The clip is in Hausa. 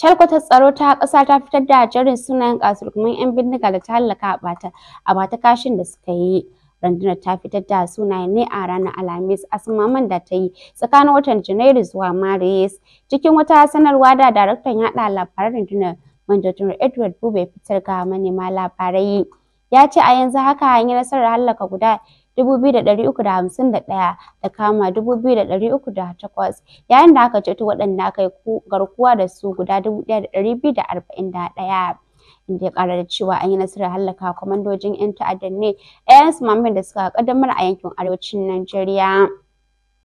Sharkwatar tsaro ta ƙasa ta fitar da jerin sunayen kasurgumin 'yan bindiga da ta hallaka a bata a bata kashin da suka yi. randuna ta fitar da sunayen ne a ranar Alhamis asmaman da ta yi tsakanin watan Janairu zuwa Maris. Cikin wata sanarwa da daraktan yaɗa labaran rundunar Mandatar Edward Bube fitar ga manema labarai. Ya ce a yanzu haka an yi nasarar hallaka guda 2,351 da kama 2,308 yayin da aka ceto waɗanda aka yi garkuwa da su guda 1,241. inda ya kara da cewa an yi nasarar hallaka kwamandojin 'yan ta'addan ne 'yan su da suka kaddamar a yankin arewacin Najeriya.